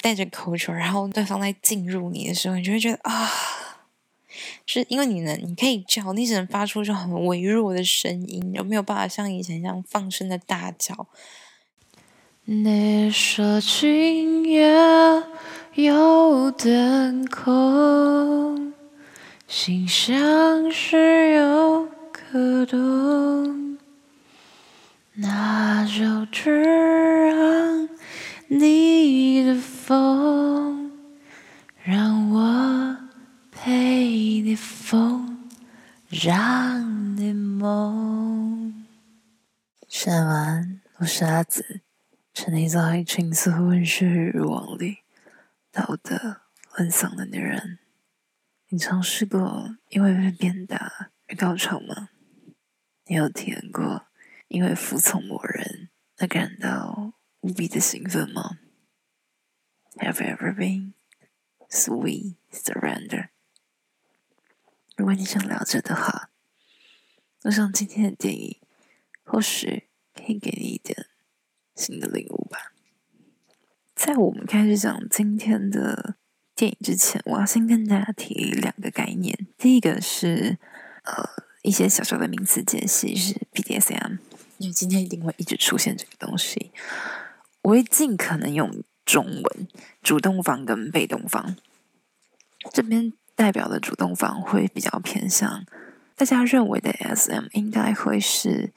戴着口球，然後對方在進入你的時候，你就會覺得啊，是因為你能，你可以叫，你只能發出這種很微弱的聲音，有沒有辦法像以前一樣放聲的大叫？你說今夜又等空，心上是有個洞，那就只讓你的。風讓晚安，我是阿梓。沉溺在情色文學慾望裡，道德淪喪的女人，你嘗試過因為被鞭打而高潮嗎？你有體驗過因為服從某人而感到無比的興奮嗎？Have ever been sweet surrender。如果你想瞭解的話，我想今天的電影或許可以給你一點新的領悟吧。在我們開始講今天的電影之前，我要先跟大家提一個兩個概念。第一個是呃一些小說的名詞解析是 BDSM，因為今天一定會一直出現這個東西，我會盡可能用。中文，主動方跟被動方，這邊代表的主動方會比較偏向大家認為的 S M 應該會是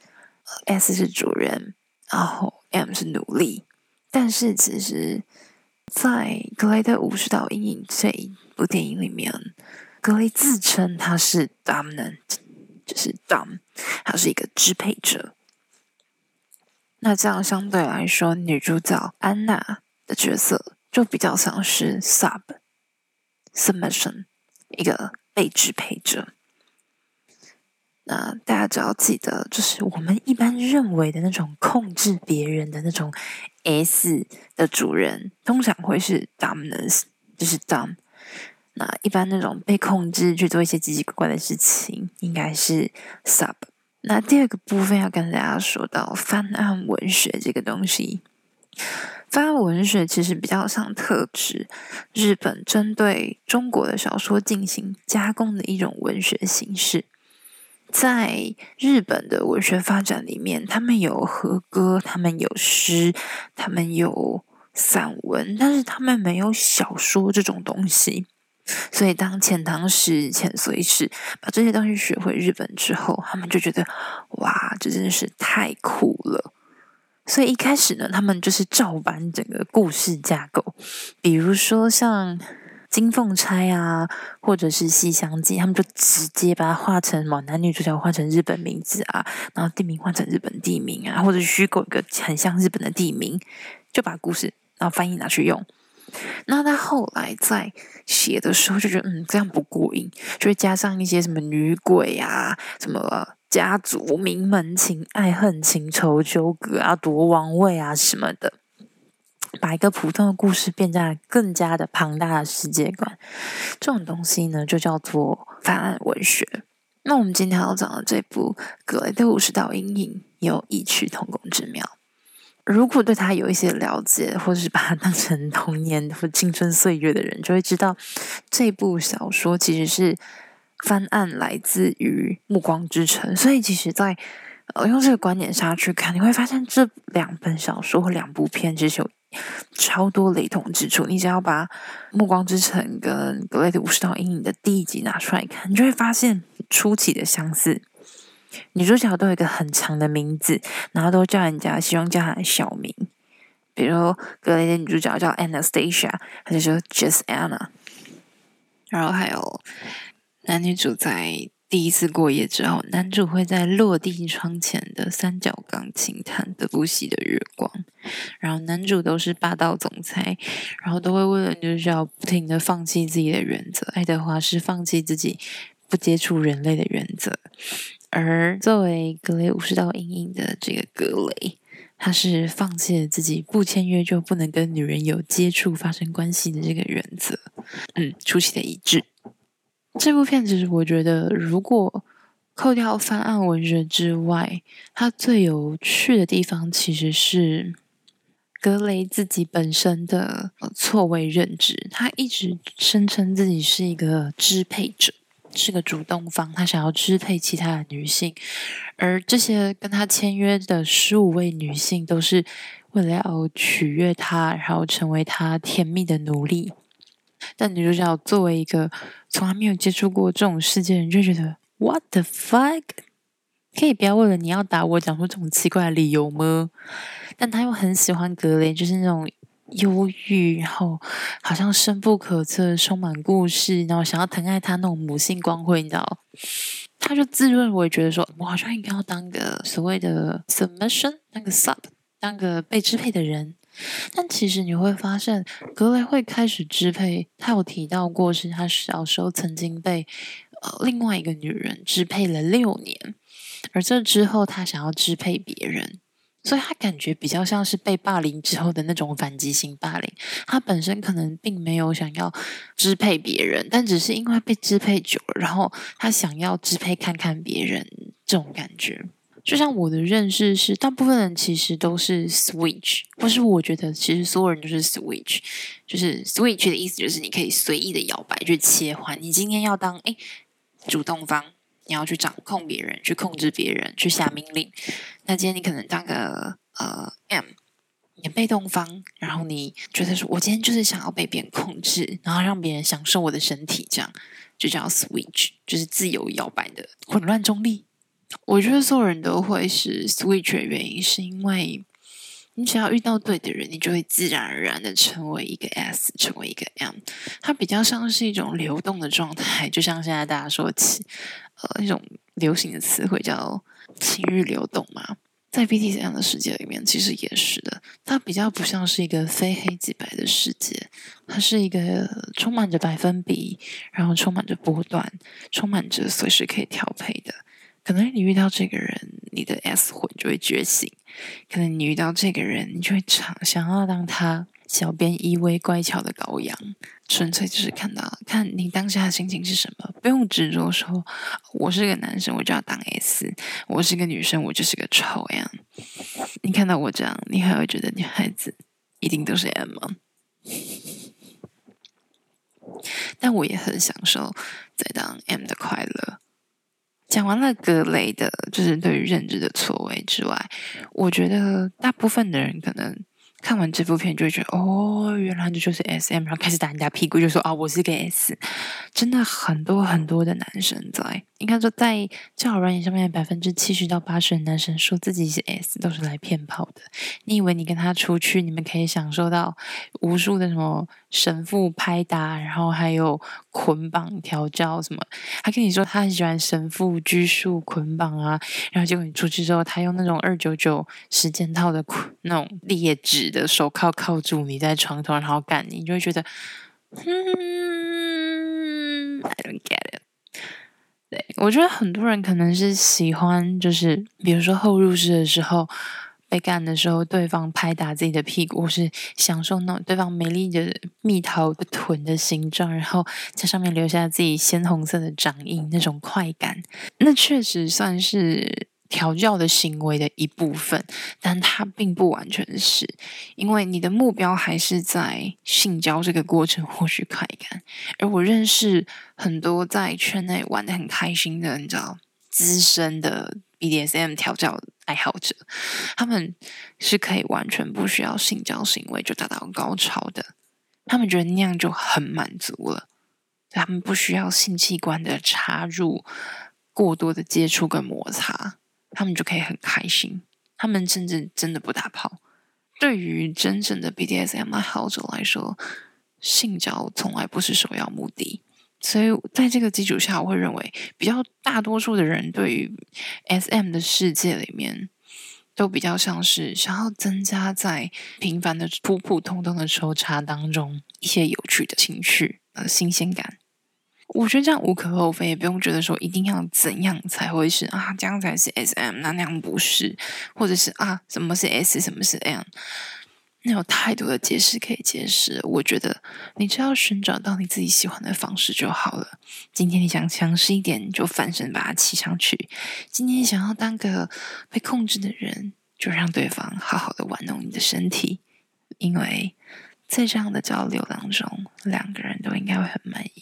呃，S 是主人，然後 M 是奴隸。但是其實，在《格雷的五十道陰影》這一部電影裡面，格雷自稱他是 Dominant，就是 Dom，他是一個支配者。那這樣相對來說，女主角安娜。的角色就比較像是 sub submission 一個被支配者。那大家只要記得，就是我們一般認為的那種控制別人的那種 s 的主人，通常會是 dominance 就是 dom。那一般那種被控制去做一些奇奇怪怪的事情，應該是 sub。那第二個部分要跟大家說到翻案文學這個東西。發文學其實比較像特指日本針對中國的小說進行加工的一種文學形式。在日本的文學發展裡面，他們有和歌，他們有詩，他們有散文，但是他們沒有小說這種東西。所以當前當時，當遣唐使、遣隋使把這些東西學回日本之後，他們就覺得，哇，這真的是太酷了。所以一開始呢，他們就是照搬整個故事架構，比如說像《金鳳釵》啊，或者是《西廂記》，他們就直接把它化成嘛，男女主角換成日本名字啊，然後地名換成日本地名啊，或者虛構一個很像日本的地名，就把故事然後翻譯拿去用。那他後來在寫的時候就覺得，嗯，這樣不過癮，就會加上一些什麼女鬼啊，什麼了。家族名門情、愛恨情仇糾葛啊，奪王位啊什麼的，把一個普通的故事變成更加的龐大的世界觀。這種東西呢，就叫做翻案文學。那我們今天要講的這部《格雷的五十道陰影》，有異曲同工之妙。如果對他有一些了解，或者是把它當成童年或青春歲月的人，就會知道這部小說其實是。翻案來自於《暮光之城》，所以其實在，在呃用這個觀點下去看，你會發現這兩本小說和兩部片其實有超多雷同之處。你只要把《暮光之城》跟《格雷的五十道陰影》的第一集拿出來看，你就會發現出奇的相似。女主角都有一個很長的名字，然後都叫人家，喜歡叫她小名。比如格雷的女主角叫 Anastasia，她就說 Just Anna。然後還有。男女主在第一次過夜之後，男主會在落地窗前的三角鋼琴彈德布西的月光。然後男主都是霸道總裁，然後都會為了女主角不停的放棄自己的原則。愛德華是放棄自己不接觸人類的原則，而作為格雷五十道陰影的這個格雷，他是放棄了自己不簽約就不能跟女人有接觸發生關係的這個原則。嗯，出奇的一致。這部片子我覺得，如果扣掉翻案文學之外，它最有趣的地方其實是格雷自己本身的錯位認知。他一直聲稱自己是一個支配者，是個主動方，他想要支配其他的女性，而這些跟他簽約的十五位女性，都是為了要取悅他，然後成為他甜蜜的奴隸。但女主角作為一個從來沒有接觸過這種世界的人，你就覺得 What the fuck？可以不要為了你要打我，講出這種奇怪的理由嗎？但他又很喜歡格雷，就是那種憂鬱，然後好像深不可測，充滿故事，然後想要疼愛他那種母性光輝，你知道？他就自認，我也覺得說，我好像應該要當個所謂的 submission，當個 sub，當個被支配的人。但其實你會發現，格雷會開始支配。他有提到過，是他小時候曾經被呃另外一個女人支配了六年，而這之後他想要支配別人，所以他感覺比較像是被霸凌之後的那種反擊性霸凌。他本身可能並沒有想要支配別人，但只是因為被支配久了，然後他想要支配看看別人這種感覺。就像我的認識是，大部分人其實都是 switch，或是我覺得其實所有人都是 switch，就是 switch 的意思就是你可以隨意的搖擺去切換。你今天要當哎、欸、主動方，你要去掌控別人，去控制別人，去下命令。那今天你可能當個呃 M，你被動方，然後你覺得說我今天就是想要被別人控制，然後讓別人享受我的身體，這樣就叫 switch，就是自由搖擺的混亂中立。我覺得所有人都會是 switch 的原因，是因為你只要遇到對的人，你就會自然而然的成為一個 S，成為一個 M。它比較像是一種流動的狀態，就像現在大家說起，呃，一種流行的詞彙叫“情欲流動”嘛。在 BDSM 的世界裡面，其實也是的。它比較不像是一個非黑即白的世界，它是一個充滿着百分比，然後充滿着波段，充滿着隨時可以調配的。可能你遇到這個人，你的 S 魂就會覺醒。可能你遇到這個人，你就會想要當他小編依偎乖巧的羔羊，純粹就是看到看你當下的心情是什麼，不用執着說，我是個男生我就要當 S，我是個女生我就是個丑 M。你看到我這樣，你還會覺得女孩子一定都是 M 嗎？但我也很享受在當 M 的快樂。講完了格雷的，就是對於認知的錯位之外，我覺得大部分的人可能看完這部片就會覺得，哦，原來這就是 SM，然後開始打人家屁股，就說啊、哦，我是個 S，真的很多很多的男生在。你看，說在這交友軟體上面，百分之七十到八十的男生說自己是 S，都是來騙炮的。你以為你跟他出去，你們可以享受到無數的什麼神父拍打，然後還有捆綁調教什麼？他跟你說他很喜歡神父拘束捆綁啊，然後結果你出去之後，他用那種二九九十件套的捆，那種劣質的手銬銬住你在床頭，然後幹你，你就會覺得，哼、嗯，I don't get it。我覺得很多人可能是喜歡，就是比如說後入式的時候被幹的時候，對方拍打自己的屁股，是享受那種對方美麗的蜜桃的臀的形狀，然後在上面留下自己鮮紅色的掌印那種快感，那確實算是。調教的行為的一部分，但它並不完全是，因為你的目標還是在性交這個過程獲取快感。而我認識很多在圈內玩得很開心的，你知道，資深的 BDSM 調教愛好者，他們是可以完全不需要性交行為就達到高潮的，他們覺得那樣就很滿足了，他們不需要性器官的插入，過多的接觸跟摩擦。他們就可以很開心，他們甚至真的不打炮。對於真正的 BDSM 愛好者來說，性交從來不是首要目的。所以在這個基礎下，我會認為，比較大多數的人對於 SM 的世界裡面，都比較像是想要增加在平凡的普普通通的抽插當中一些有趣的情緒，和新鮮感。我覺得這樣無可厚非，也不用覺得說一定要怎樣才會是啊，這樣才是 S M，那、啊、那樣不是，或者是啊，什麼是 S，什麼是 M，那有太多的解釋可以解釋。我覺得你只要尋找到你自己喜歡的方式就好了。今天你想強勢一點，你就翻身把它騎上去；今天想要當個被控制的人，就讓對方好好的玩弄你的身體，因為在這樣的交流當中，兩個人都應該會很滿意。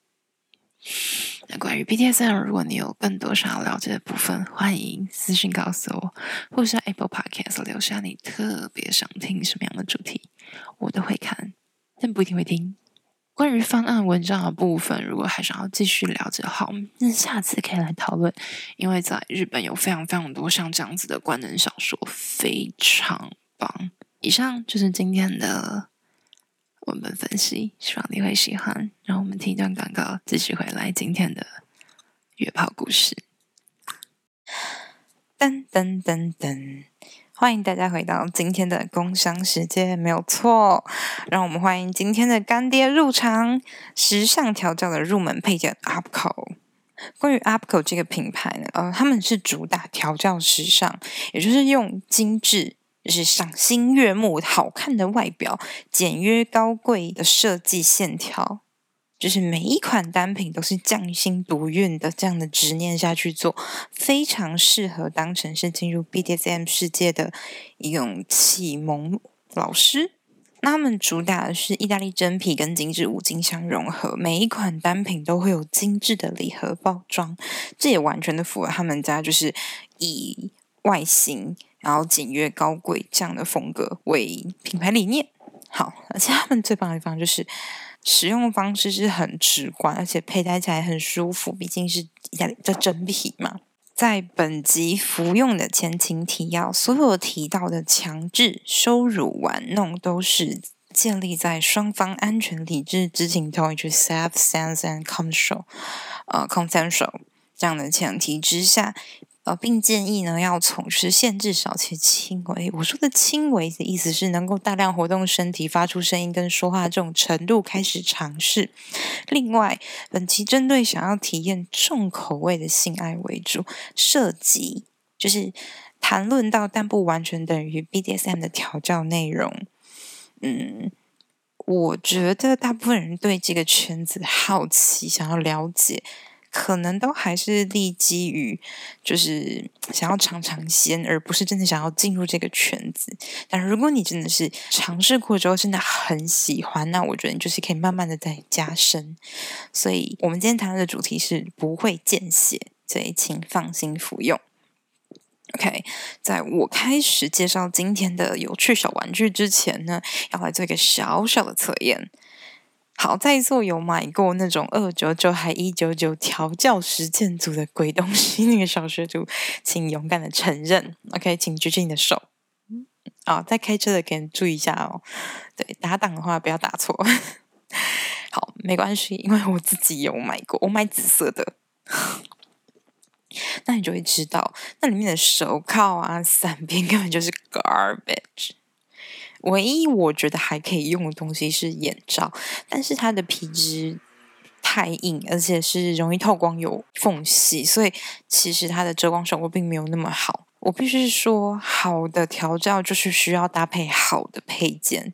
那關於 BDSM，如果你有更多想要了解的部分，歡迎私信告訴我，或是在 Apple Podcast 留下你特別想聽什麼樣的主題，我都會看，但不一定會聽。關於翻案文章的部分，如果還想要繼續了解的話，那下次可以來討論。因為在日本有非常非常多像這樣子的官能小說，非常棒。以上就是今天的。文本分析，希望你會喜歡。然後我們聽一段廣告，繼續回來今天的約炮故事。噔噔噔噔，歡迎大家回到今天的工商時間，沒有錯。讓我們歡迎今天的乾爹入場——時尚調教的入門配件 UPKO。關於 UPKO 這個品牌呢，呃，他們是主打調教時尚，也就是用精緻。就是賞心悅目、好看的外表，簡約高貴的設計線條，就是每一款單品都是匠心獨運的。這樣的執念下去做，非常適合當成是進入 BDSM 世界的一種啟蒙老師。那他們主打的是意大利真皮跟精緻五金相融合，每一款單品都會有精緻的禮盒包裝，這也完全的符合他們家就是以外形。然後簡約高貴這樣的風格為品牌理念。好，而且他們最棒的地方就是使用方式是很直觀，而且佩戴起來很舒服，畢竟是亞的真皮嘛。在本集服用的前情提、提要，所有提到的強制、羞辱、玩弄，都是建立在雙方安全、理智之、知情同意去 （safe, s e and s e n s a 呃，consensual 這樣的前提之下。呃，並建議呢，要從實現至少且輕微。我說的輕微的意思是，能夠大量活動身體、發出聲音跟說話這種程度開始嘗試。另外，本期針對想要體驗重口味的性愛為主，涉及就是談論到但不完全等於 BDSM 的調教內容。嗯，我覺得大部分人對這個圈子好奇，想要了解。可能都還是立基於就是想要嚐嚐鮮，而不是真的想要進入這個圈子。但如果你真的是嘗試過之後真的很喜歡，那我覺得你就是可以慢慢的再加深。所以我們今天談的主題是不會見血，所以請放心服用。OK，在我開始介紹今天的有趣小玩具之前呢，要來做一個小小的測驗。好，在座有買過那種二九九還一九九調教實踐組的鬼東西，那個小學組，請勇敢的承認。OK，請舉起你的手。啊、哦，在開車的可以注意一下哦。對，打檔的話不要打錯。好，沒關係，因為我自己有買過，我買紫色的，那你就會知道，那裡面的手銬啊、散鞭，根本就是 garbage。唯一我覺得還可以用的東西是眼罩，但是它的皮質太硬，而且是容易透光有縫隙，所以其實它的遮光效果並沒有那麼好。我必須說，好的調教就是需要搭配好的配件。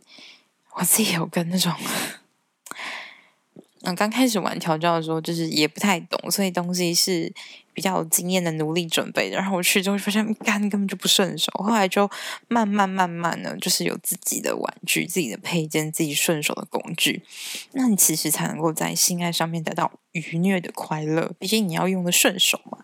我自己有跟那種。剛開始玩調教的時候，就是也不太懂，所以東西是比較有經驗的努力準備的。然後我去之後就會發現，幹根本就不順手。後來就慢慢慢慢的就是有自己的玩具、自己的配件、自己順手的工具。那你其實才能夠在性愛上面得到愉悅的快樂。畢竟你要用的順手嘛。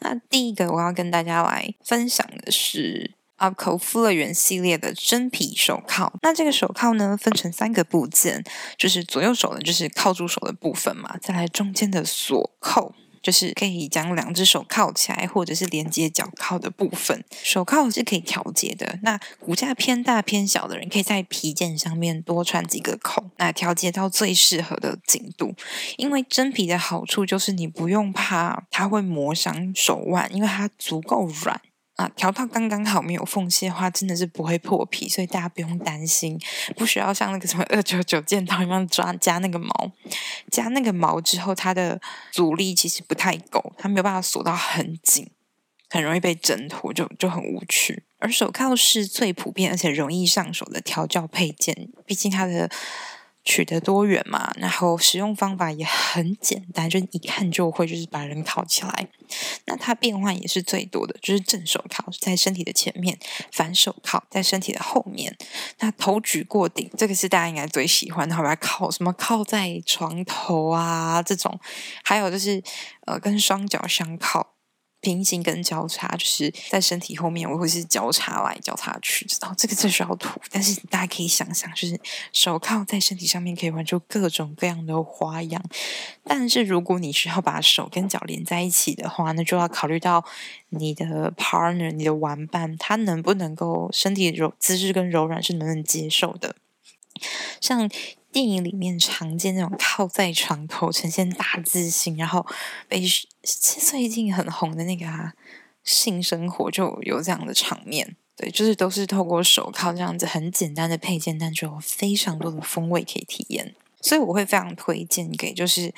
那第一個我要跟大家來分享的是。UPKO 樂園系列的真皮手銬。那這個手銬呢，分成三個部件，就是左右手的，就是銬住手的部分嘛。再來中間的鎖扣，就是可以將兩隻手銬起來，或者是連接腳銬的部分。手銬是可以調節的。那骨架偏大偏小的人，可以在皮件上面多穿幾個孔，來調節到最適合的緊度。因為真皮的好處就是你不用怕它會磨傷手腕，因為它足夠軟。調到剛剛好沒有縫隙的話，真的是不會破皮，所以大家不用擔心，不需要像那個什麼二九九件套一樣抓加那個毛，加那個毛之後，它的阻力其實不太夠，它沒有辦法鎖到很緊，很容易被掙脫，就就很無趣。而手銬是最普遍而且容易上手的調教配件，畢竟它的。取得多元嘛，然後使用方法也很簡單，就是、一看就會，就是把人銬起來。那它變換也是最多的，就是正手銬在身體的前面，反手銬在身體的後面。那頭舉過頂，這個是大家應該最喜歡的好吧？銬什麼？銬在床頭啊，這種，還有就是呃，跟雙腳相銬。平行跟交叉，就是在身體後面，或是交叉來交叉去。哦，這個最需要圖，但是你大家可以想想，就是手銬在身體上面可以玩出各種各樣的花樣。但是如果你需要把手跟腳連在一起的話，那就要考慮到你的 partner、你的玩伴，他能不能夠身體柔、姿勢跟柔軟是能不能接受的。像。電影裡面常見那種靠在床頭呈現大字型，然後被最近很紅的那個、啊《性生活》就有這樣的場面，對，就是都是透過手銬這樣子很簡單的配件，但就有非常多的風味可以體驗，所以我會非常推薦給就是。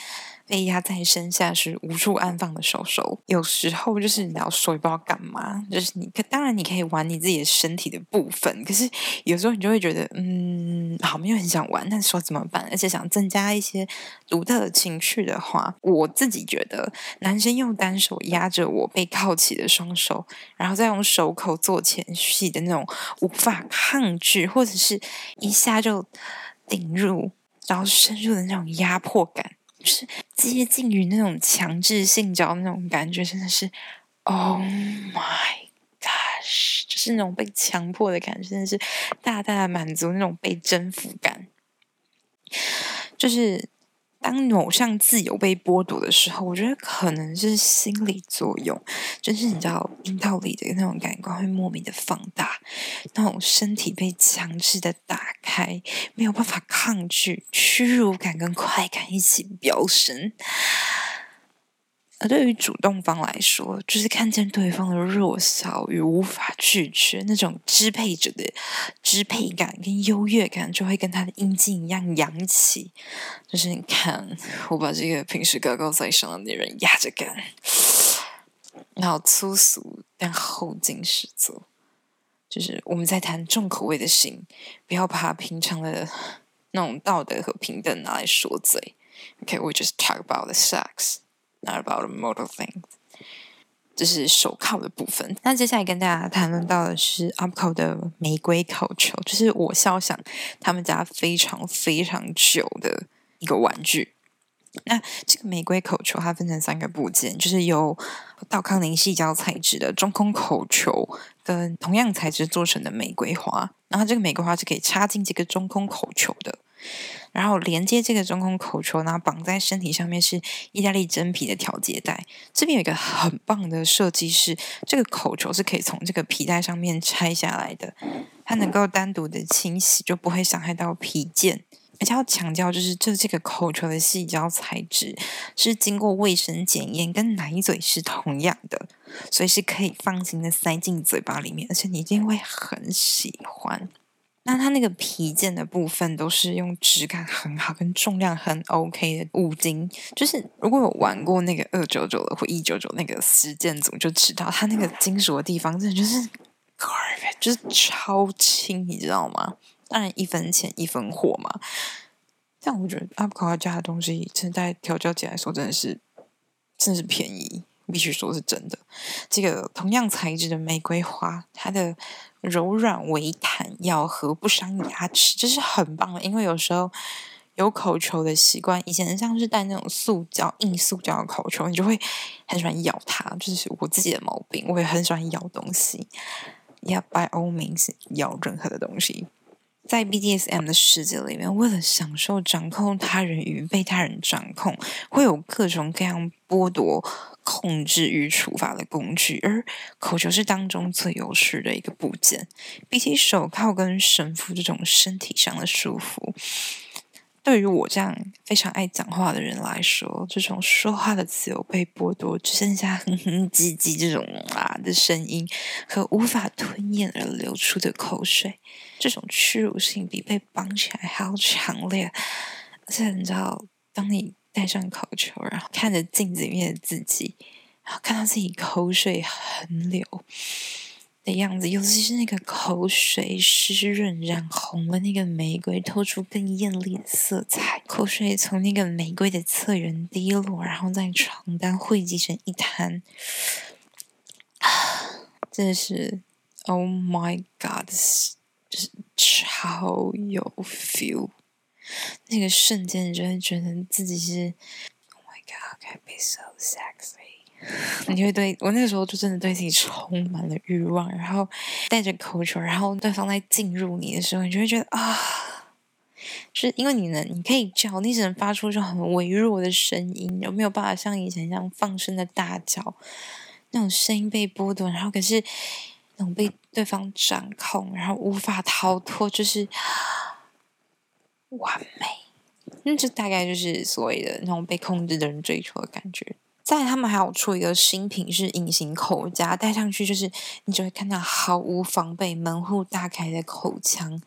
被壓在身下時無處安放的手手，有時候就是你要說也不知道幹嘛，就是你可當然你可以玩你自己的身體的部分，可是有時候你就會覺得嗯，好，沒有很想玩，那時候怎麼辦？而且想增加一些獨特的情趣的話，我自己覺得，男生用單手壓着我被銬起的雙手，然後再用手口做前戲的那種無法抗拒，或者是一下就頂入，然後深入的那種壓迫感。就是接近於那種強制性，你知道那種感覺，真的是，Oh my gosh！就是那種被強迫的感覺，真的是大大的滿足，那種被征服感，就是。當某項自由被剝奪的時候，我覺得可能是心理作用，就是你知道陰道裡的那種感官會莫名的放大，那種身體被強制的打開，沒有辦法抗拒，屈辱感跟快感一起飆升。對於主動方來說，就是看見對方的弱小與無法拒絕，那種支配者的支配感跟優越感，就會跟他的陰莖一樣揚起。就是你看，我把這個平時高高在上的女人壓着幹，很好粗俗但後勁十足。就是我們在談重口味的性，不要把平常的那種道德和平等拿來說嘴。OK、okay, we、we'll、just talk about the sex. Not、about a model thing，s 這是手銬的部分。那接下來跟大家談論到的是 UPKO 的玫瑰口球，就是我肖想他們家非常非常久的一個玩具。那這個玫瑰口球它分成三個部件，就是由道康寧矽膠材，材質的中空口球，跟同樣材質做成的玫瑰花。然後這個玫瑰花是可以插進這個中空口球的。然後連接這個中空口球呢，然後綁在身體上面是意大利真皮的調節帶。這邊有一個很棒的設計是，是這個口球是可以從這個皮帶上面拆下來的，它能夠單獨的清洗，就不會傷害到皮件。而且要強調，就是就這個口球的矽膠材質是經過衛生檢驗，跟奶嘴是同樣的，所以是可以放心的塞進嘴巴裡面，而且你一定會很喜歡。那它那個皮件的部分都是用質感很好、跟重量很 OK 的五金，就是如果有玩過那個二九九的或一九九那個實踐組就知道，它那個金屬的地方真的就是，就是超輕，你知道嗎？當然一分錢一分貨嘛。但我覺得 UPKO 家的東西，真的在調教起來說，真的是，真的是便宜。必須說是真的，這個同樣材質的玫瑰花，它的柔軟、微彈、咬合不傷牙齒，這是很棒的。因為有時候有口球的習慣，以前很像是帶那種塑膠、硬塑膠的口球，你就會很喜歡咬它。就是我自己的毛病，我也很喜歡咬東西，也 a 歐 s 咬任何的東西。在 BDSM 的世界裡面，為了享受掌控他人與被他人掌控，會有各種各樣剝奪、控制與處罰的工具，而口球是當中最有趣的一個部件。比起手銬跟繩縛這種身體上的束縛，對於我這樣非常愛講話的人來說，這種說話的自由被剝奪，只剩下哼哼唧唧這種啊的聲音和無法吞咽而流出的口水。這種屈辱性比被綁起來還要強烈，而且你知道，當你戴上口球，然後看着鏡子裡面的自己，然後看到自己口水橫流的樣子，尤其是那個口水濕潤染紅了那個玫瑰，透出更豔麗的色彩。口水從那個玫瑰的側緣滴落，然後在床單匯集成一灘，真的是，Oh my God！就是、超有 feel，那個瞬間你就會覺得自己是，Oh my God，I can be so sexy。你會對我那個時候就真的對自己充滿了慾望，然後戴著口塞，然後對方在進入你的時候，你就會覺得啊，是因為你能，你可以叫，你只能發出這種很微弱的聲音，有沒有辦法像以前一樣放聲的大叫？那種聲音被剝奪，然後可是。能被對方掌控，然後無法逃脫，就是完美。那這大概就是所謂的那種被控制的人追求的感覺。再他們還有出一個新品是隱形口枷，戴上去就是你就會看到毫無防備、門戶大開的口腔，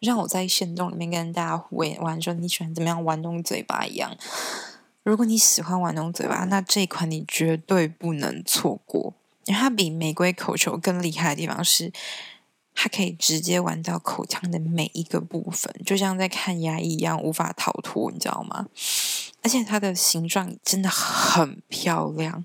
讓我在限動裡面跟大家回玩說，你喜歡怎麼樣玩弄嘴巴一樣。如果你喜歡玩弄嘴巴，那這一款你絕對不能錯過。因為它比玫瑰口球更厲害的地方是，它可以直接玩到口腔的每一個部分，就像在看牙一樣，無法逃脫，你知道嗎？而且它的形狀真的很漂亮，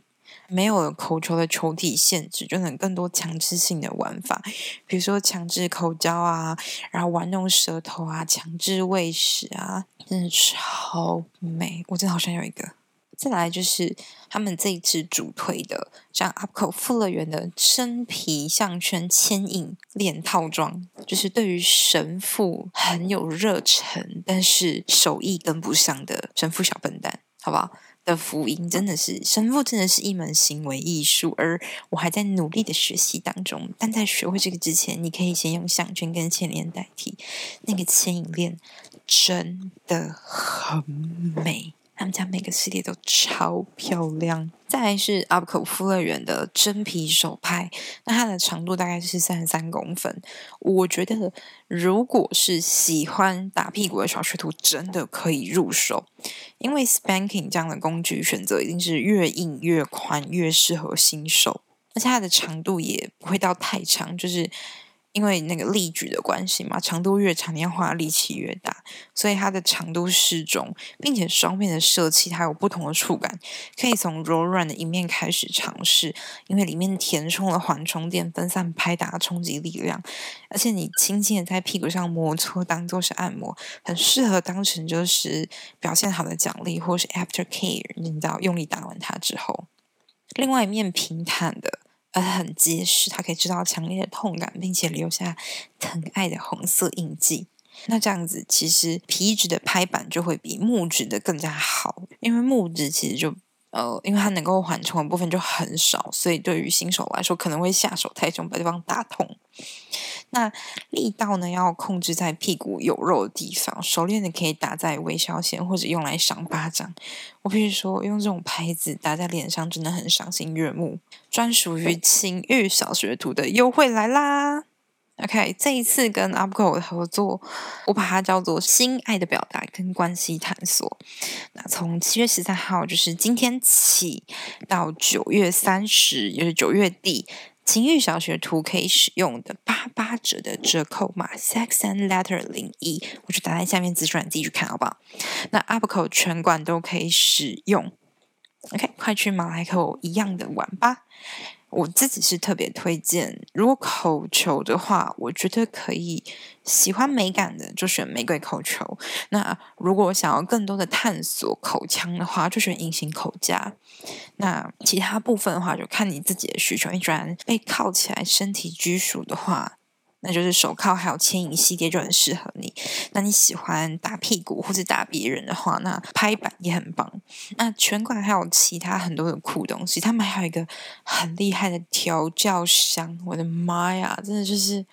沒有了口球的球體限制，就能更多強制性的玩法，比如說強制口交啊，然後玩弄舌頭啊，強制餵食啊，真的超美！我真的好想有一個。再來就是他們這一次主推的，像 UPKO 復樂園的真皮項圈牽引鏈套裝，就是對於繩縛很有熱忱，但是手藝跟不上的繩縛小笨蛋，好不好？的福音真的是繩縛，真的是一門行為藝術，而我還在努力的學習當中。但在學會這個之前，你可以先用項圈跟牽引鏈代替。那個牽引鏈真的很美。他們家每個系列都超漂亮。再來是 UPKO 夫樂園的真皮手拍，那它的長度大概是三十三公分。我覺得，如果是喜歡打屁股的小學徒，真的可以入手，因為 spanking 這樣的工具選擇一定是越硬越寬越適合新手，而且它的長度也不會到太長，就是。因為那個力矩的關係嘛，長度越長年化，你要花力氣越大，所以它的長度適中，並且雙面的設計，它有不同的觸感，可以從柔軟的一面開始嘗試，因為裡面填充了緩衝墊，分散拍打的衝擊力量，而且你輕輕的在屁股上摩搓，當做是按摩，很適合當成就是表現好的獎勵，或是 after care，你知道，用力打完它之後，另外一面平坦的。而很結實，它可以製造強烈的痛感，並且留下疼愛的紅色印記。那這樣子，其實皮質的拍板就會比木質的更加好，因為木質其實就。呃，因為它能夠緩衝的部分就很少，所以對於新手來說可能會下手太重，把對方打痛。那力道呢，要控制在屁股有肉的地方。熟練的可以打在微笑線，或者用來賞巴掌。我必須說，用這種拍子打在臉上真的很賞心悅目。專屬於情欲小學徒的優惠來啦！OK，這一次跟 UPKO 的合作，我把它叫做“心愛的表達跟關係探索”。那從七月十三號，就是今天起，到九月三十，就是九月底，情欲小學圖可以使用的八八折的折扣碼 “Sex and Letter 零一”，我就打在下面資訊欄，你自己去看好不好？那 UPKO 全館都可以使用。OK，快去馬來口一樣的玩吧！我自己是特別推薦，如果口球的話，我覺得可以喜歡美感的就選玫瑰口球；那如果想要更多的探索口腔的話，就選隱形口架。那其他部分的話，就看你自己的需求。你居然被銬起來，身體拘束的話。那就是手銬還有牽引系列就很適合你。那你喜歡打屁股或者打別人的話，那拍板也很棒。那全館還有其他很多的酷東西，他們還有一個很厲害的調教箱。我的媽呀，真的就是，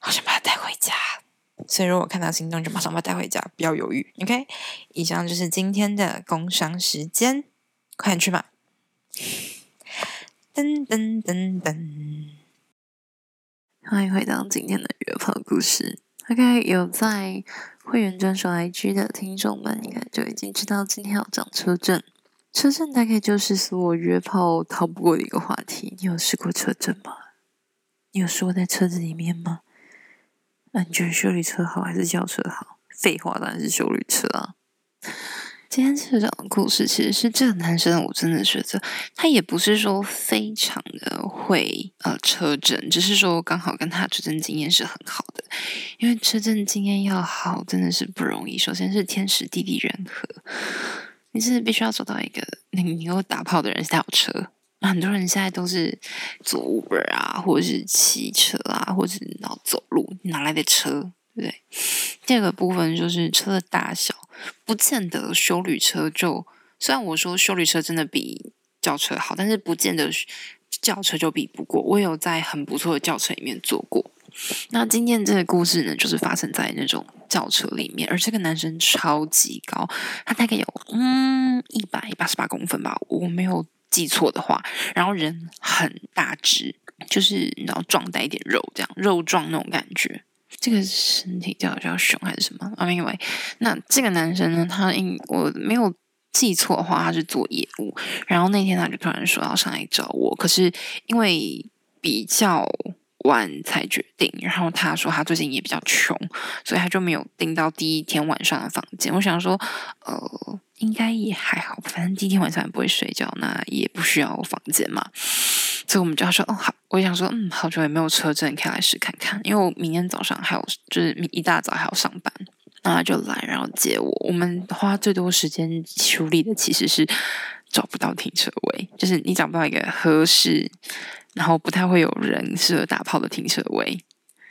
好想把它帶回家。所以如果看到心動，就馬上把它帶回家，不要猶豫。OK，以上就是今天的工商時間，快點去吧。噔噔噔噔，噔。歡迎回到今天的約炮故事。OK，有在會員專屬 IG 的聽眾們，應該就已經知道今天要講車震。車震大概就是說約炮逃不過的一個話題。你有試過車震嗎？你有試過在車子裡面嗎？啊，你覺得休旅車好還是轎車好？廢話當然是休旅車啊。今天這種故事，其實是這個男生，我真的覺得他也不是說非常的會呃車震，只是說剛好跟他車震經驗是很好的。因為車震經驗要好，真的是不容易。首先是天時地利人和，你是必須要走到一個你你有打炮的人才有車。很多人現在都是坐 Uber 啊，或者是騎車啊，或者是然後走路，哪來的車，對不對？第二個部分就是車的大小。不見得，休旅車，就雖然我說休旅車真的比轎車好，但是不見得轎車就比不過。我也有在很不錯的轎車裡面坐過。那今天這個故事呢，就是發生在那種轎車裡面，而這個男生超級高，他大概有嗯一百八十八公分吧，我沒有記錯的話。然後人很大隻，就是你知道壯帶一點肉這樣，肉壯那種感覺。這個身體叫叫熊還是什麼啊？Um, anyway，那這個男生呢，他因我沒有記錯的話，他是做業務。然後那天他就突然說要上來找我，可是因為比較晚才決定。然後他說他最近也比較窮，所以他就沒有訂到第一天晚上的房間。我想說，呃。應該也還好吧，反正今天晚上也不會睡覺，那也不需要我房間嘛。所以我們就要說哦好，我想說嗯，好久也沒有車震，可以來試看看。因為我明天早上還有就是一大早還要上班，那就來然後接我。我們花最多時間處理的其實是找不到停車位，就是你找不到一個合適，然後不太會有人適合打炮的停車位。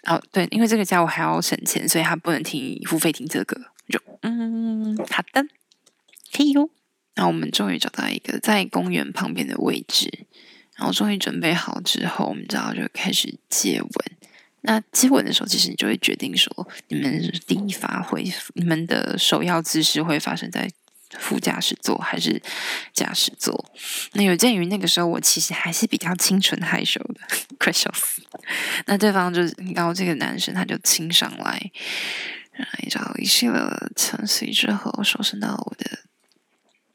然後對，因為這個家我還要省錢，所以他不能停付費停車格。就嗯好的。可以哦。那我們終於找到一個在公園旁邊的位置，然後終於準備好之後，我們之後就開始接吻。那接吻的時候，其實你就會決定說，你們第一發會，你們的首要姿勢會發生在副駕駛座還是駕駛座？那有鑑於那個時候，我其實還是比較清純害羞的 c r 死 s h o 那對方就是然後這個男生他就親上來，然後一招一了，喘息之後，手伸到我的。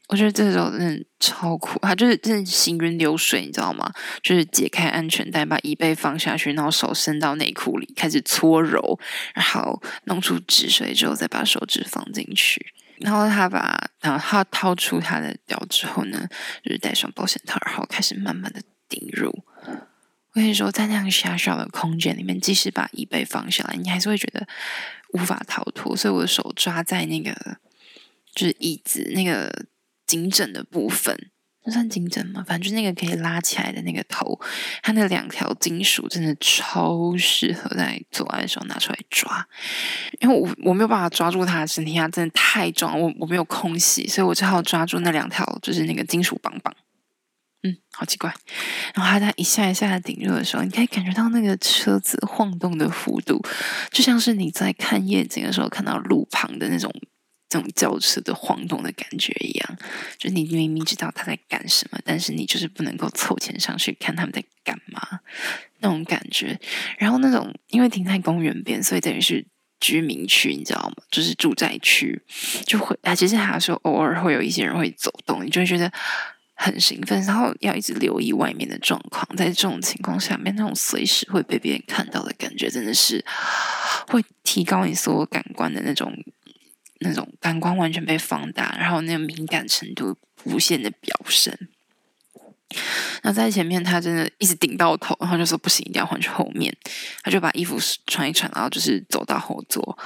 我覺得這種真的超酷，他、啊、就是真的行雲流水，你知道嗎？就是解開安全帶，把椅背放下去，然後手伸到內褲裡開始搓揉，然後弄出汁水之後，再把手指放進去，然後他把，然後他掏出他的屌之後呢，就是戴上保險套，然後開始慢慢的頂入。我跟你說，在那樣狹小的空間裡面，即使把椅背放下來，你還是會覺得無法逃脫，所以我的手抓在那個就是椅子那個。頸枕的部分，那算頸枕嗎？反正就是那個可以拉起來的那個頭，它那兩條金屬真的超適合在做愛的時候拿出來抓，因為我我沒有辦法抓住它的身體，它真的太重，我我沒有空隙，所以我只好抓住那兩條，就是那個金屬棒棒。嗯，好奇怪。然後它在一下一下的頂住的時候，你可以感覺到那個車子晃動的幅度，就像是你在看夜景的時候看到路旁的那種。這種轎車的晃動的感覺一樣，就你明明知道他在幹什麼，但是你就是不能夠湊近上去看他們在幹嘛那種感覺。然後那種因為停在公園邊，所以等於是居民區，你知道嗎？就是住宅區就會啊，其實還說偶爾會有一些人會走動，你就會覺得很興奮，然後要一直留意外面的狀況。在這種情況下面，那種隨時會被別人看到的感覺，真的是會提高你所有感官的那種。那種感官完全被放大，然後那個敏感程度無限的飆升。那在前面，他真的一直頂到頭，然後就說不行，一定要換去後面。他就把衣服穿一穿，然後就是走到後座，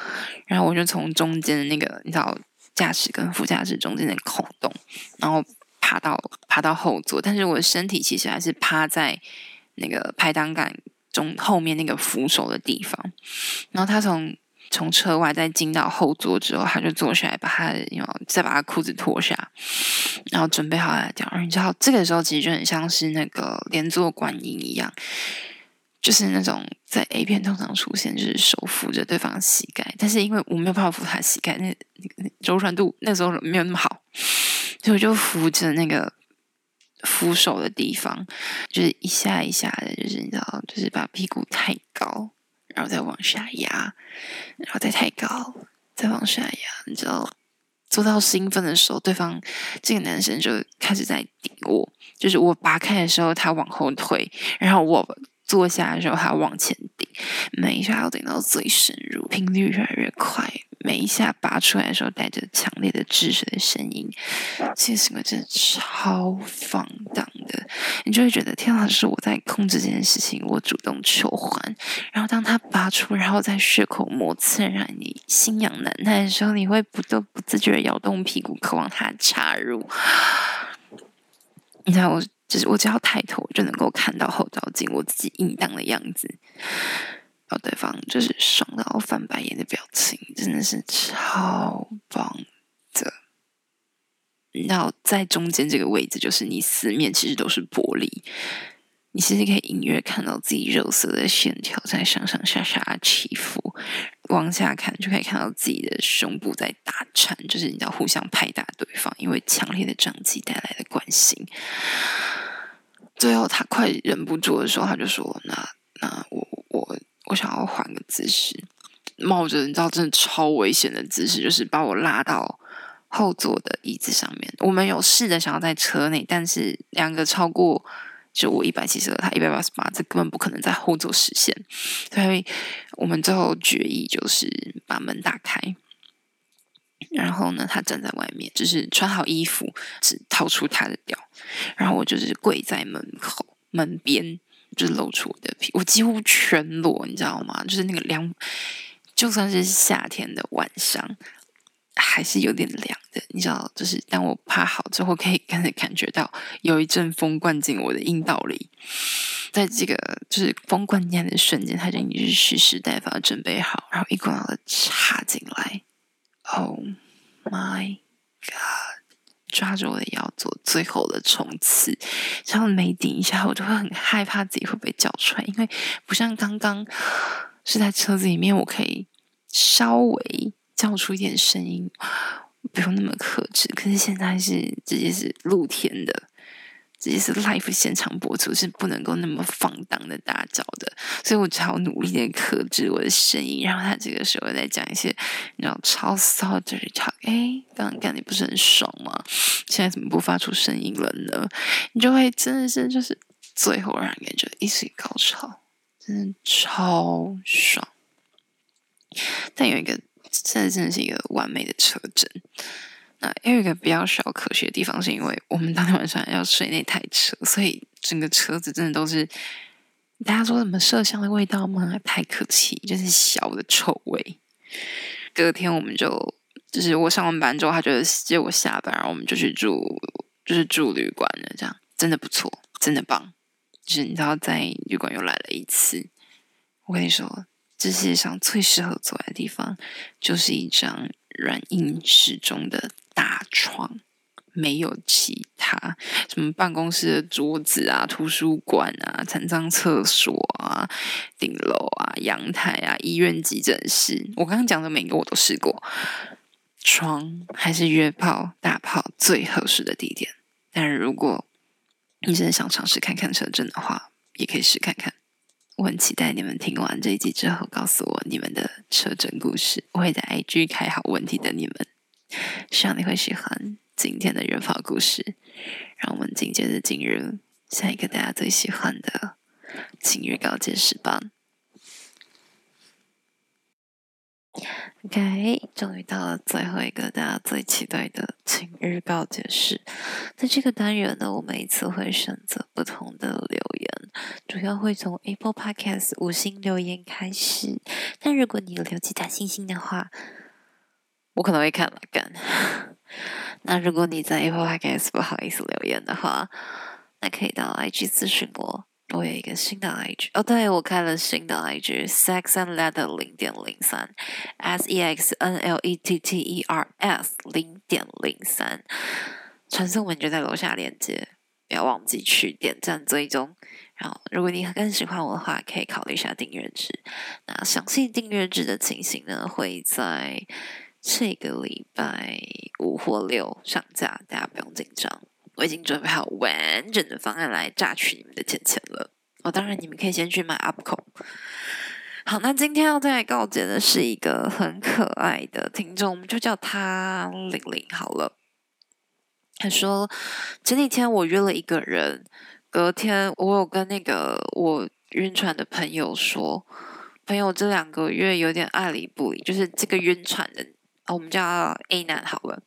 然後我就從中間的那個你知道駕駛跟副駕駛中間的孔洞，然後爬到爬到後座。但是我的身體其實還是趴在那個排檔桿中後面那個扶手的地方。然後他從。從車外再進到後座之後，他就坐下來，把他又再把他褲子脫下，然後準備好來調。你知道，這個時候其實就很像是那個蓮座觀音一樣，就是那種在 A 片通常出現，就是手扶着對方膝蓋。但是因為我沒有辦法扶他膝蓋，那柔軟度那時候沒有那麼好，所以我就扶着那個扶手的地方，就是一下一下的，就是你知道，就是把屁股抬高。然後再往下壓，然後再抬高，再往下壓。你知道，做到興奮的時候，對方這個男生就開始在頂我，就是我拔開的時候他往後退，然後我坐下的時候他往前頂，每一下要頂到最深入，頻率越來越快，每一下拔出來的時候帶着強烈的吱吱的聲音，這個行為真的超放蕩。你就會覺得，天哪！是我在控制這件事情，我主動求歡。然後當他拔出，然後在血口磨蹭，讓你心癢難耐的時候，你會不都不自覺的搖動屁股，渴望他插入。你看，我就是我只要抬頭就能夠看到後照鏡我自己淫蕩的樣子，然、哦、後對方就是爽到翻白眼的表情，真的是超棒的。你知道，在中間這個位置，就是你四面其實都是玻璃，你其實可以隱約看到自己肉色的線條在上上下下起伏。往下看，就可以看到自己的胸部在打顫，就是你知道互相拍打對方，因為強烈的撞擊帶來的慣性。最後他快忍不住的時候，他就說：“那那我我我想要換個姿勢，冒着你知道真的超危險的姿勢，就是把我拉到。”後座的椅子上面，我們有試着想要在車內，但是兩個超過就我一百七十二，他一百八十八，這根本不可能在後座實現，所以我們最後決議就是把門打開，然後呢，他站在外面，就是穿好衣服，只掏出他的表，然後我就是跪在門口門邊，就是、露出我的皮，我幾乎全裸，你知道嗎？就是那個涼，就算是夏天的晚上。還是有點涼的，你知道，就是當我趴好之後，可以跟着感覺到有一陣風灌進我的陰道裡，在這個就是風灌進來的瞬間，它就已經是蓄勢待發，準備好，然後一股腦的插進來。Oh my god！抓着我的腰做最後的衝刺，然後每一頂一下，我就會很害怕自己會被叫出來，因為不像剛剛是在車子裡面，我可以稍微。叫出一點聲音，不用那麼克制。可是現在是直接是露天的，直接是 live 現場播出，是不能夠那麼放蕩的大叫的。所以我只好努力的克制我的聲音。然後他這個時候在講一些你知道超騷，就是講哎，剛剛看你不是很爽嗎？現在怎麼不發出聲音了呢？你就會真的是就是最後讓人感覺一起高潮，真的超爽。但有一個。真的真的是一個完美的車震。那有一個比較小可惜的地方，是因為我們當天晚上要睡那台車，所以整個車子真的都是大家說什麼麝香的味道嗎？太可惜，就是小的臭味。隔天我們就就是我上完班之後，他就接我下班，然後我們就去住就是住旅館了，這樣真的不錯，真的棒。就是你知道在旅館又來了一次，我跟你說。這世界上最適合坐的地方，就是一張軟硬適中的大床，沒有其他什麼辦公室的桌子啊、圖書館啊、殘障廁所啊、頂樓啊、陽台啊、醫院急診室。我剛剛講的每個我都試過，床還是約炮大炮最合適的地點。但是如果你真的想嘗試看看車震的話，也可以試看看。我很期待你們聽完這一集之後，告訴我你們的車震故事。我會在 IG 開好問題等你們。希望你會喜歡今天的日拋故事。讓我們緊接着進入下一個大家最喜歡的情慾告解室。OK，終於到了最後一個大家最期待的情慾告解室。那這個單元呢，我每一次會選擇不同的留言，主要會從 Apple Podcast 五星留言開始。但如果你留其他星星的話，我可能會看了更。 那如果你在 Apple Podcast 不好意思留言的話，那可以到 IG 諮詢我。我有一個新的 IG 哦，對，我開了新的 IG，sex and letter 零點零三，S E X N L E T T E R S 零點零三，傳送門就在樓下鏈接，不要忘記去點贊追蹤。然後，如果你更喜歡我的話，可以考慮一下訂閱制。那詳細訂閱制的情形呢，會在這個禮拜五或六上架，大家不用緊張。我已經準備好完整的方案來榨取你們的錢錢了。我、哦、當然，你們可以先去買 UPKO。好，那今天要再來告解的是一個很可愛的聽眾，我們就叫他玲玲好了。他說，前幾天我約了一個人，隔天我有跟那個我暈船的朋友說，朋友這兩個月有點愛理不理，就是這個暈船的，哦、我們叫 A 男好了。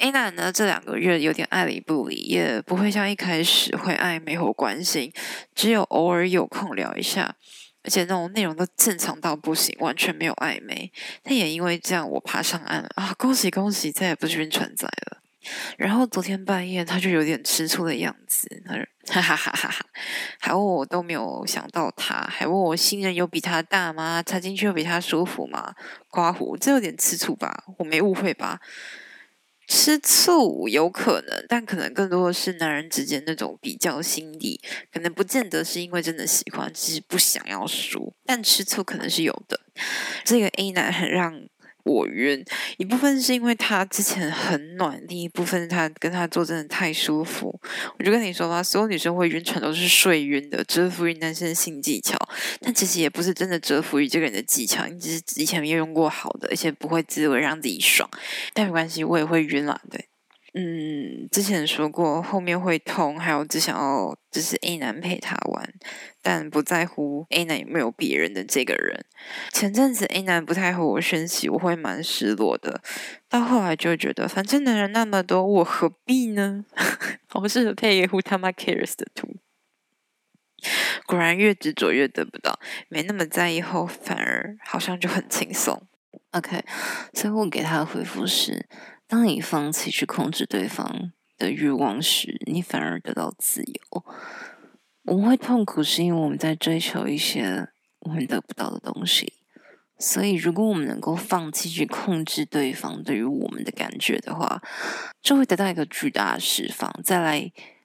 伊娜呢？這兩個月有點愛理不理，也不會像一開始會曖昧或關心，只有偶爾有空聊一下，而且那種內容都正常到不行，完全沒有曖昧。但也因為這樣，我爬上岸了啊！恭喜恭喜，再也不是暈船仔了。然後昨天半夜，他就有點吃醋的樣子，哈哈哈哈哈，還問我都沒有想到她，他還問我新人有比他大嗎？插進去有比他舒服嗎？刮鬍，這有點吃醋吧？我沒誤會吧？吃醋有可能，但可能更多的是男人之間那種比較心理，可能不見得是因為真的喜歡，只是不想要輸。但吃醋可能是有的，這個 A 男很讓我暈，一部分是因為他之前很暖，另一部分是他跟他做真的太舒服。我就跟你說吧，所有女生會暈船都是睡暈的，折服於男生性技巧，但其實也不是真的折服於這個人的技巧，你只是以前沒有用過好的，而且不會自我讓自己爽。但沒關係，我也會暈啦，對。嗯，之前說過後面會痛，還有只想要只、哦就是 A 男陪他玩，但不在乎 A 男有沒有別人的這個人。前陣子 A 男不太和我宣洩，我會蠻失落的。到後來就覺得，反正男人那麼多，我何必呢？我是很佩服他媽 cares 的圖。果然越執着越得不到，沒那麼在意後，反而好像就很輕鬆。OK，所以我給他的回復是。當你放棄去控制對方的慾望時，你反而得到自由。我們會痛苦，是因為我們在追求一些我們得不到的東西。所以，如果我們能夠放棄去控制對方對於我們的感覺的話，就會得到一個巨大的釋放。再來，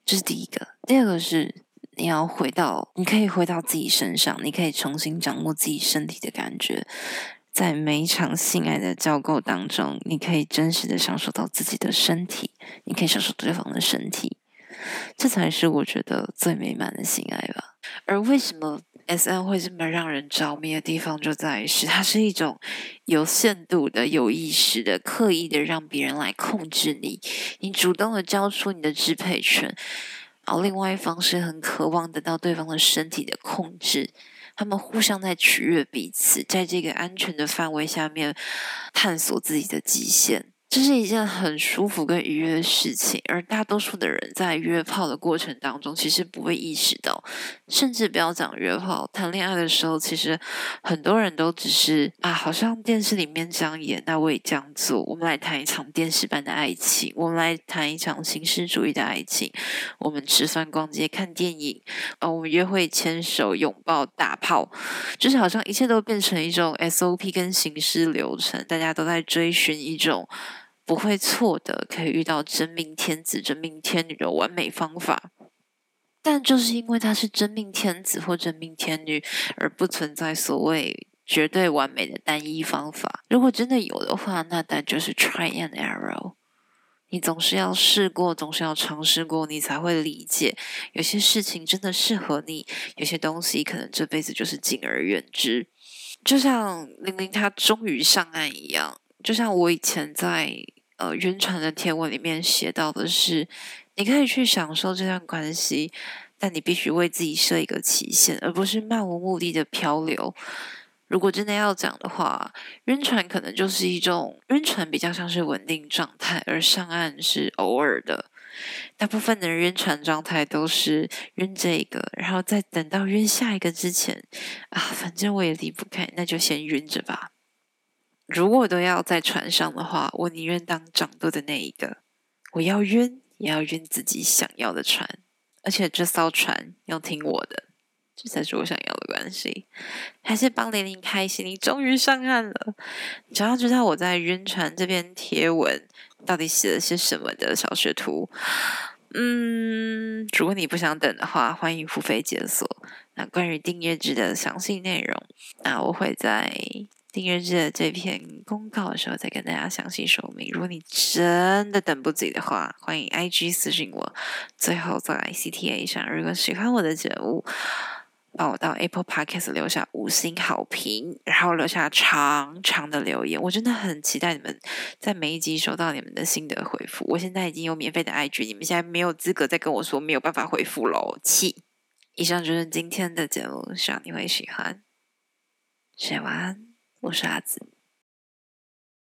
這就是第一個。第二個是，你要回到，你可以回到自己身上，你可以重新掌握自己身體的感覺。在每一場性愛的交媾當中，你可以真實的享受到自己的身體，你可以享受對方的身體，這才是我覺得最美滿的性愛吧。而為什麼 SM 會這麼讓人着迷的地方，就在於是它是一種有限度的、有意識的、刻意的讓別人來控制你，你主動的交出你的支配權，而另外一方是很渴望得到對方的身體的控制。他們互相在取悅彼此，在這個安全的範圍下面探索自己的極限。這是一件很舒服跟愉悅的事情，而大多數的人在約炮的過程當中，其實不會意識到，甚至不要講約炮，談戀愛的時候，其實很多人都只是啊，好像電視裡面講演，那我也這樣做。我們來談一場電視般的愛情，我們來談一場形式主義的愛情。我們吃飯、逛街、看電影，呃、啊，我們約會、牽手、擁抱、打炮，就是好像一切都變成一種 SOP 跟形式流程，大家都在追尋一種。不會錯的，可以遇到真命天子、真命天女的完美方法。但就是因為他是真命天子或真命天女，而不存在所謂絕對完美的單一方法。如果真的有的話，那它就是 try and error。你總是要試過，總是要嘗試過，你才會理解有些事情真的適合你，有些東西可能這輩子就是敬而遠之。就像玲玲她終於上岸一樣。就像我以前在呃暈船的貼文裡面寫到的是，你可以去享受這段關係，但你必須為自己設一個期限，而不是漫無目的的漂流。如果真的要講的話，暈船可能就是一種暈船比較像是穩定狀態，而上岸是偶爾的。大部分的人暈船狀態都是暈這個，然後再等到暈下一個之前啊，反正我也離不開，那就先暈着吧。如果都要在船上的話，我寧願當掌舵的那一個。我要暈，也要暈自己想要的船，而且這艘船要聽我的，這才是我想要的關係。還是幫玲玲開心，你終於上岸了。你只要知道我在暈船這邊貼文到底寫了些什麼的，小學徒，嗯，如果你不想等的話，歡迎付費解鎖。那關於訂閱制的詳細內容，那我會在訂閱這篇公告的時候，再跟大家詳細說明。如果你真的等不及的話，歡迎 I G 私信我。最後再來 C T A 上，如果喜歡我的節目，幫我到 Apple Podcast 留下五星好評，然後留下長長的留言。我真的很期待你們在每一集收到你們的心得的回復。我現在已經有免費的 I G，你們現在沒有資格再跟我說沒有辦法回復了。氣！以上就是今天的節目，希望你會喜歡。睡晚安。我是阿梓。